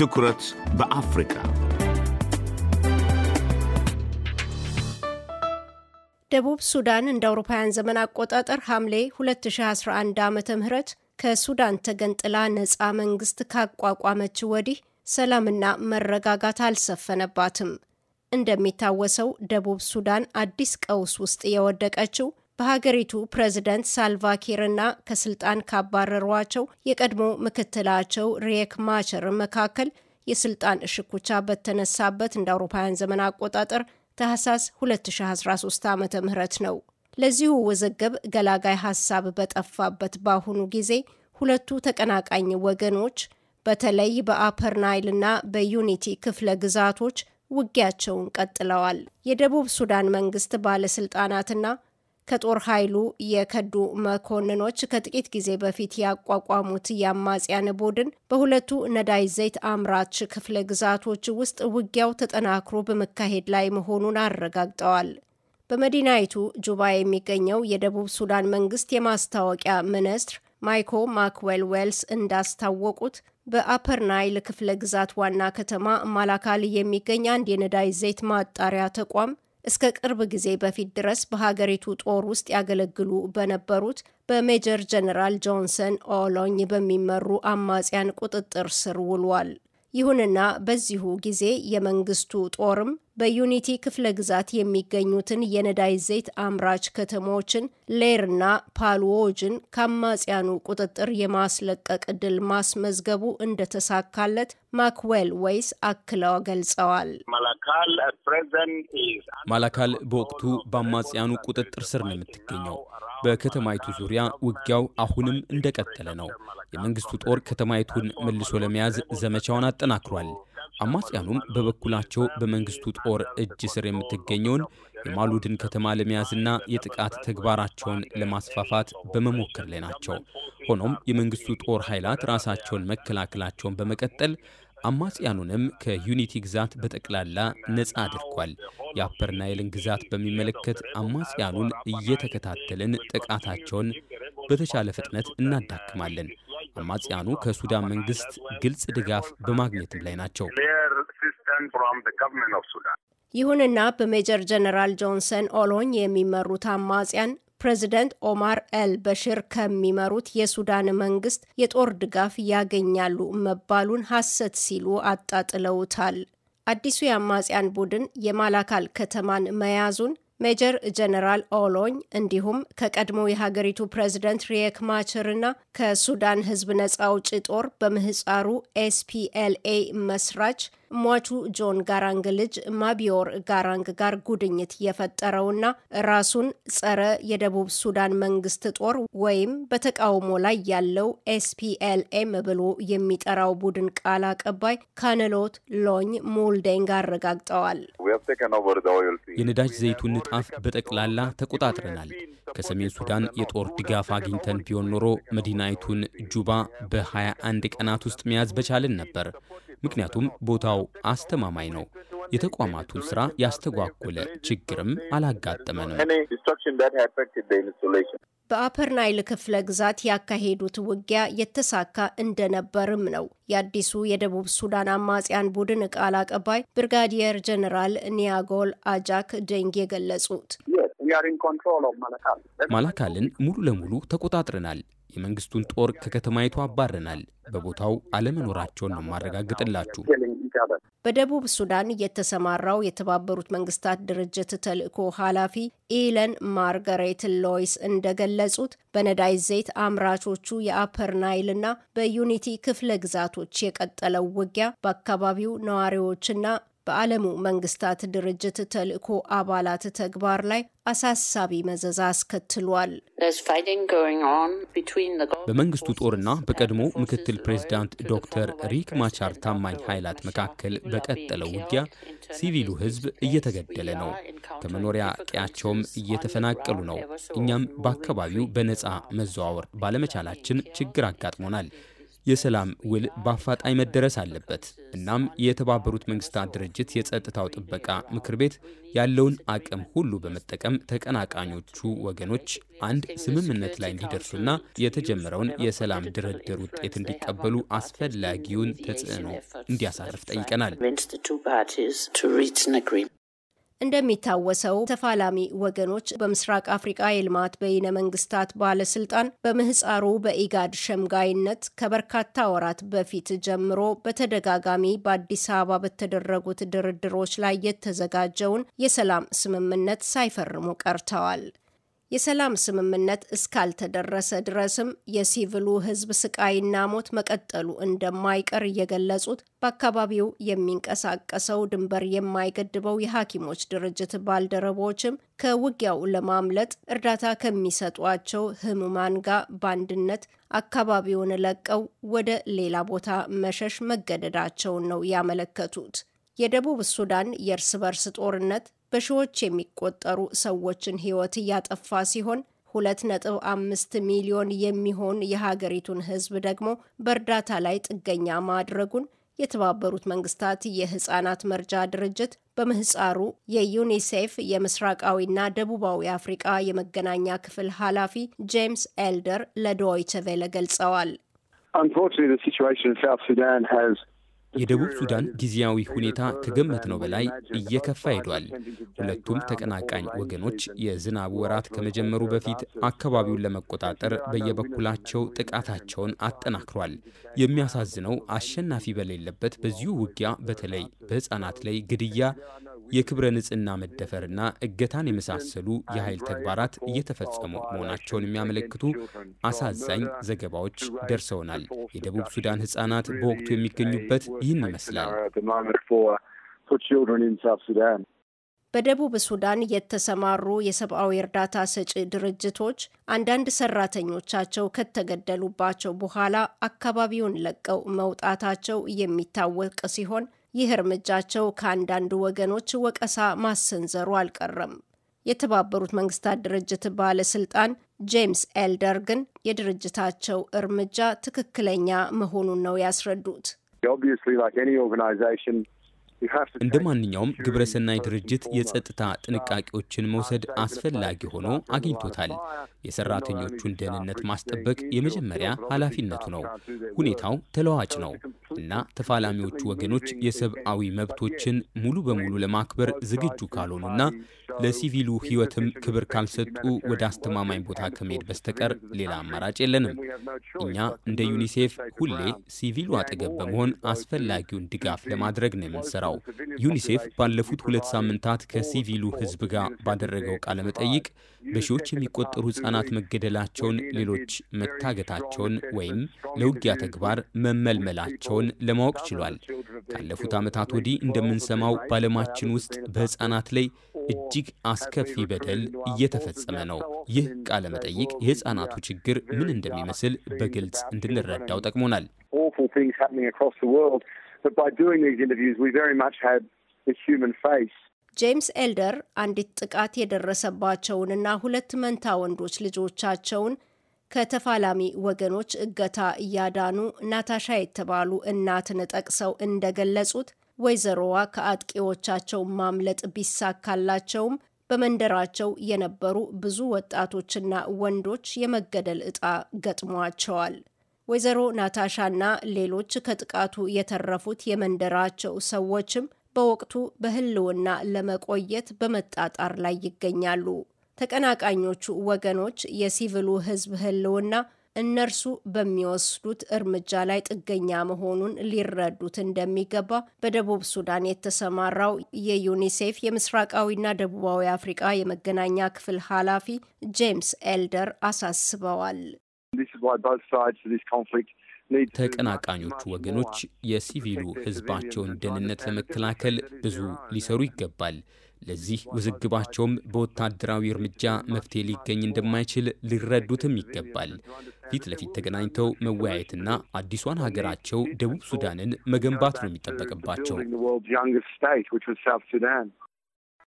ትኩረት በአፍሪካ ደቡብ ሱዳን እንደ አውሮፓውያን ዘመን አቆጣጠር ሐምሌ 2011 ዓ ም ከሱዳን ተገንጥላ ነፃ መንግስት ካቋቋመች ወዲህ ሰላምና መረጋጋት አልሰፈነባትም። እንደሚታወሰው ደቡብ ሱዳን አዲስ ቀውስ ውስጥ የወደቀችው በሀገሪቱ ፕሬዝደንት እና ከስልጣን ካባረሯቸው የቀድሞ ምክትላቸው ሪየክ ማቸር መካከል የስልጣን ሽኩቻ በተነሳበት እንደ አውሮፓውያን ዘመን አቆጣጠር ታህሳስ 2013 ዓ ም ነው። ለዚሁ ውዝግብ ገላጋይ ሀሳብ በጠፋበት በአሁኑ ጊዜ ሁለቱ ተቀናቃኝ ወገኖች በተለይ በአፐር እና በዩኒቲ ክፍለ ግዛቶች ውጊያቸውን ቀጥለዋል። የደቡብ ሱዳን መንግስት ባለስልጣናትና ከጦር ኃይሉ የከዱ መኮንኖች ከጥቂት ጊዜ በፊት ያቋቋሙት የአማጽያን ቡድን በሁለቱ ነዳጅ ዘይት አምራች ክፍለ ግዛቶች ውስጥ ውጊያው ተጠናክሮ በመካሄድ ላይ መሆኑን አረጋግጠዋል። በመዲናይቱ ጁባ የሚገኘው የደቡብ ሱዳን መንግስት የማስታወቂያ ሚኒስትር ማይኮ ማክዌል ዌልስ እንዳስታወቁት በአፐር ናይል ክፍለ ግዛት ዋና ከተማ ማላካል የሚገኝ አንድ የነዳጅ ዘይት ማጣሪያ ተቋም እስከ ቅርብ ጊዜ በፊት ድረስ በሀገሪቱ ጦር ውስጥ ያገለግሉ በነበሩት በሜጀር ጀነራል ጆንሰን ኦሎኝ በሚመሩ አማጽያን ቁጥጥር ስር ውሏል። ይሁንና በዚሁ ጊዜ የመንግስቱ ጦርም በዩኒቲ ክፍለ ግዛት የሚገኙትን የነዳይ ዘይት አምራች ከተሞችን ሌርና ፓልዎጅን ከአማጽያኑ ቁጥጥር የማስለቀቅ ድል ማስመዝገቡ እንደተሳካለት ማክዌል ወይስ አክለው ገልጸዋል። ማላካል በወቅቱ በአማጽያኑ ቁጥጥር ስር ነው የምትገኘው። በከተማይቱ ዙሪያ ውጊያው አሁንም እንደቀጠለ ነው። የመንግስቱ ጦር ከተማይቱን መልሶ ለመያዝ ዘመቻውን አጠናክሯል። አማጽያኑም በበኩላቸው በመንግስቱ ጦር እጅ ስር የምትገኘውን የማሉድን ከተማ ለመያዝና የጥቃት ተግባራቸውን ለማስፋፋት በመሞከር ላይ ናቸው። ሆኖም የመንግስቱ ጦር ኃይላት ራሳቸውን መከላከላቸውን በመቀጠል አማጽያኑንም ከዩኒቲ ግዛት በጠቅላላ ነፃ አድርጓል። የአፐር ናይልን ግዛት በሚመለከት አማጽያኑን እየተከታተልን ጥቃታቸውን በተቻለ ፍጥነት እናዳክማለን። አማጽያኑ ከሱዳን መንግስት ግልጽ ድጋፍ በማግኘትም ላይ ናቸው። ይሁንና በሜጀር ጀነራል ጆንሰን ኦሎኝ የሚመሩት አማጽያን ፕሬዚደንት ኦማር ኤል በሽር ከሚመሩት የሱዳን መንግስት የጦር ድጋፍ ያገኛሉ መባሉን ሐሰት ሲሉ አጣጥለውታል። አዲሱ የአማጽያን ቡድን የማላካል ከተማን መያዙን ሜጀር ጀነራል ኦሎኝ እንዲሁም ከቀድሞ የሀገሪቱ ፕሬዝደንት ሪየክ ማቸርና ከሱዳን ህዝብ ነጻ አውጪ ጦር በምህፃሩ ኤስፒኤልኤ መስራች ሟቹ ጆን ጋራንግ ልጅ ማቢዮር ጋራንግ ጋር ጉድኝት የፈጠረውና ራሱን ጸረ የደቡብ ሱዳን መንግስት ጦር ወይም በተቃውሞ ላይ ያለው ኤስፒኤልኤም ብሎ የሚጠራው ቡድን ቃል አቀባይ ካነሎት ሎኝ ሙልዴንግ አረጋግጠዋል። የነዳጅ ዘይቱን አፍ በጠቅላላ ተቆጣጥረናል። ከሰሜን ሱዳን የጦር ድጋፍ አግኝተን ቢሆን ኖሮ መዲናይቱን ጁባ በ21 ቀናት ውስጥ መያዝ በቻልን ነበር። ምክንያቱም ቦታው አስተማማኝ ነው። የተቋማቱን ስራ ያስተጓጎለ ችግርም አላጋጠመንም። በአፐር ናይል ክፍለ ግዛት ያካሄዱት ውጊያ የተሳካ እንደነበርም ነው የአዲሱ የደቡብ ሱዳን አማጽያን ቡድን ቃል አቀባይ ብርጋዲየር ጀኔራል ኒያጎል አጃክ ደንግ የገለጹት። ማላካልን ሙሉ ለሙሉ ተቆጣጥረናል። የመንግስቱን ጦር ከከተማይቱ አባረናል። በቦታው አለመኖራቸውን ነው ማረጋግጥላችሁ። በደቡብ ሱዳን የተሰማራው የተባበሩት መንግስታት ድርጅት ተልእኮ ኃላፊ ኢለን ማርገሬት ሎይስ እንደገለጹት በነዳጅ ዘይት አምራቾቹ የአፐር ናይልና በዩኒቲ ክፍለ ግዛቶች የቀጠለው ውጊያ በአካባቢው ነዋሪዎችና በዓለሙ መንግስታት ድርጅት ተልእኮ አባላት ተግባር ላይ አሳሳቢ መዘዝ አስከትሏል። በመንግስቱ ጦርና በቀድሞ ምክትል ፕሬዚዳንት ዶክተር ሪክ ማቻር ታማኝ ኃይላት መካከል በቀጠለው ውጊያ ሲቪሉ ሕዝብ እየተገደለ ነው። ከመኖሪያ ቀያቸውም እየተፈናቀሉ ነው። እኛም በአካባቢው በነፃ መዘዋወር ባለመቻላችን ችግር አጋጥሞናል። የሰላም ውል በአፋጣኝ መደረስ አለበት። እናም የተባበሩት መንግስታት ድርጅት የጸጥታው ጥበቃ ምክር ቤት ያለውን አቅም ሁሉ በመጠቀም ተቀናቃኞቹ ወገኖች አንድ ስምምነት ላይ እንዲደርሱና የተጀመረውን የሰላም ድርድር ውጤት እንዲቀበሉ አስፈላጊውን ተጽዕኖ እንዲያሳርፍ ጠይቀናል። እንደሚታወሰው ተፋላሚ ወገኖች በምስራቅ አፍሪቃ የልማት በይነ መንግስታት ባለስልጣን በምህፃሩ በኢጋድ ሸምጋይነት ከበርካታ ወራት በፊት ጀምሮ በተደጋጋሚ በአዲስ አበባ በተደረጉት ድርድሮች ላይ የተዘጋጀውን የሰላም ስምምነት ሳይፈርሙ ቀርተዋል። የሰላም ስምምነት እስካልተደረሰ ድረስም የሲቪሉ ህዝብ ስቃይና ሞት መቀጠሉ እንደማይቀር እየገለጹት በአካባቢው የሚንቀሳቀሰው ድንበር የማይገድበው የሐኪሞች ድርጅት ባልደረቦችም ከውጊያው ለማምለጥ እርዳታ ከሚሰጧቸው ህሙማን ጋር በአንድነት አካባቢውን ለቀው ወደ ሌላ ቦታ መሸሽ መገደዳቸውን ነው ያመለከቱት። የደቡብ ሱዳን የእርስ በርስ ጦርነት በሺዎች የሚቆጠሩ ሰዎችን ሕይወት እያጠፋ ሲሆን ሁለት ነጥብ አምስት ሚሊዮን የሚሆን የሀገሪቱን ሕዝብ ደግሞ በእርዳታ ላይ ጥገኛ ማድረጉን የተባበሩት መንግስታት የህጻናት መርጃ ድርጅት በምህፃሩ የዩኒሴፍ የምስራቃዊና ደቡባዊ አፍሪቃ የመገናኛ ክፍል ኃላፊ ጄምስ ኤልደር ለዶይቸ ቬለ ገልጸዋል። የደቡብ ሱዳን ጊዜያዊ ሁኔታ ከገመት ነው በላይ እየከፋ ሄዷል። ሁለቱም ተቀናቃኝ ወገኖች የዝናብ ወራት ከመጀመሩ በፊት አካባቢውን ለመቆጣጠር በየበኩላቸው ጥቃታቸውን አጠናክሯል። የሚያሳዝነው አሸናፊ በሌለበት በዚሁ ውጊያ በተለይ በሕፃናት ላይ ግድያ የክብረ ንጽህና መደፈርና እገታን የመሳሰሉ የኃይል ተግባራት እየተፈጸሙ መሆናቸውን የሚያመለክቱ አሳዛኝ ዘገባዎች ደርሰውናል። የደቡብ ሱዳን ህጻናት በወቅቱ የሚገኙበት ይህን ይመስላል። በደቡብ ሱዳን የተሰማሩ የሰብአዊ እርዳታ ሰጪ ድርጅቶች አንዳንድ ሰራተኞቻቸው ከተገደሉባቸው በኋላ አካባቢውን ለቀው መውጣታቸው የሚታወቅ ሲሆን ይህ እርምጃቸው ከአንዳንድ ወገኖች ወቀሳ ማሰንዘሩ አልቀረም። የተባበሩት መንግስታት ድርጅት ባለስልጣን ጄምስ ኤልደር ግን የድርጅታቸው እርምጃ ትክክለኛ መሆኑን ነው ያስረዱት። እንደ ማንኛውም ግብረሰናይ ድርጅት የጸጥታ ጥንቃቄዎችን መውሰድ አስፈላጊ ሆኖ አግኝቶታል። የሰራተኞቹን ደህንነት ማስጠበቅ የመጀመሪያ ኃላፊነቱ ነው። ሁኔታው ተለዋጭ ነው። እና ተፋላሚዎቹ ወገኖች የሰብአዊ መብቶችን ሙሉ በሙሉ ለማክበር ዝግጁ ካልሆኑና ለሲቪሉ ህይወትም ክብር ካልሰጡ ወደ አስተማማኝ ቦታ ከመሄድ በስተቀር ሌላ አማራጭ የለንም። እኛ እንደ ዩኒሴፍ ሁሌ ሲቪሉ አጠገብ በመሆን አስፈላጊውን ድጋፍ ለማድረግ ነው የምንሰራው። ዩኒሴፍ ባለፉት ሁለት ሳምንታት ከሲቪሉ ህዝብ ጋር ባደረገው ቃለ መጠይቅ በሺዎች የሚቆጠሩ ህጻናት መገደላቸውን፣ ሌሎች መታገታቸውን ወይም ለውጊያ ተግባር መመልመላቸውን ለማወቅ ችሏል። ካለፉት ዓመታት ወዲህ እንደምንሰማው በዓለማችን ውስጥ በህጻናት ላይ እጅግ እጅግ አስከፊ በደል እየተፈጸመ ነው። ይህ ቃለ መጠይቅ የሕፃናቱ ችግር ምን እንደሚመስል በግልጽ እንድንረዳው ጠቅሞናል። ጄምስ ኤልደር አንዲት ጥቃት የደረሰባቸውንና ሁለት መንታ ወንዶች ልጆቻቸውን ከተፋላሚ ወገኖች እገታ እያዳኑ ናታሻ የተባሉ እናትን ጠቅሰው እንደገለጹት ወይዘሮዋ ከአጥቂዎቻቸው ማምለጥ ቢሳካላቸውም በመንደራቸው የነበሩ ብዙ ወጣቶችና ወንዶች የመገደል ዕጣ ገጥሟቸዋል። ወይዘሮ ናታሻና ሌሎች ከጥቃቱ የተረፉት የመንደራቸው ሰዎችም በወቅቱ በህልውና ለመቆየት በመጣጣር ላይ ይገኛሉ። ተቀናቃኞቹ ወገኖች የሲቪሉ ሕዝብ ህልውና ። እነርሱ በሚወስዱት እርምጃ ላይ ጥገኛ መሆኑን ሊረዱት እንደሚገባ በደቡብ ሱዳን የተሰማራው የዩኒሴፍ የምስራቃዊና ደቡባዊ አፍሪቃ የመገናኛ ክፍል ኃላፊ ጄምስ ኤልደር አሳስበዋል። ተቀናቃኞቹ ወገኖች የሲቪሉ ህዝባቸውን ደህንነት ለመከላከል ብዙ ሊሰሩ ይገባል። ለዚህ ውዝግባቸውም በወታደራዊ እርምጃ መፍትሄ ሊገኝ እንደማይችል ሊረዱትም ይገባል። ፊት ለፊት ተገናኝተው መወያየትና አዲሷን ሀገራቸው ደቡብ ሱዳንን መገንባት ነው የሚጠበቅባቸው።